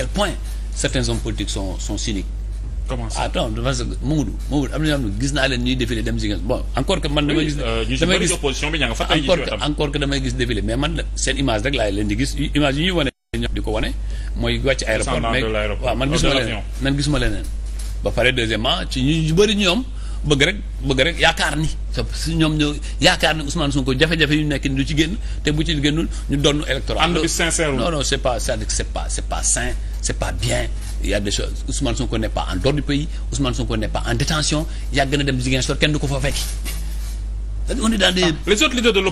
quel point certains hommes politiques sont sont cyniques. comment ça attends parce que Mamadou Mamadou am na ñoo xam ne gis naa leen ñuy défilé dem Ziguinchor bon encore que man. damay euh, gis défilé mais man seen image rek laay leen di gis image yi ñuy wane di ko wane mooy wàcc aéroport mais waaw man gisuma leneen man gisuma leneen ba pare deuxièmement ci ñu bëri ñoom bëgg rek bëgg rek yaakaar ni si ñoom ñoo yaakaar ni Ousmane Sonko jafe-jafe yu nekk du ci génn te bu ci génnul ñu donn électorat ànd bi sincère non non c'est pas cest pas c'est pas sain c'est pas bien il y a des choses Ousmane Sonko n'est pas en dehors du pays Ousmane Sonko n'est pas en détention yàgg na dem Ziguinchor kenn du ko fa fekki on est dans des ah, les autres leaders de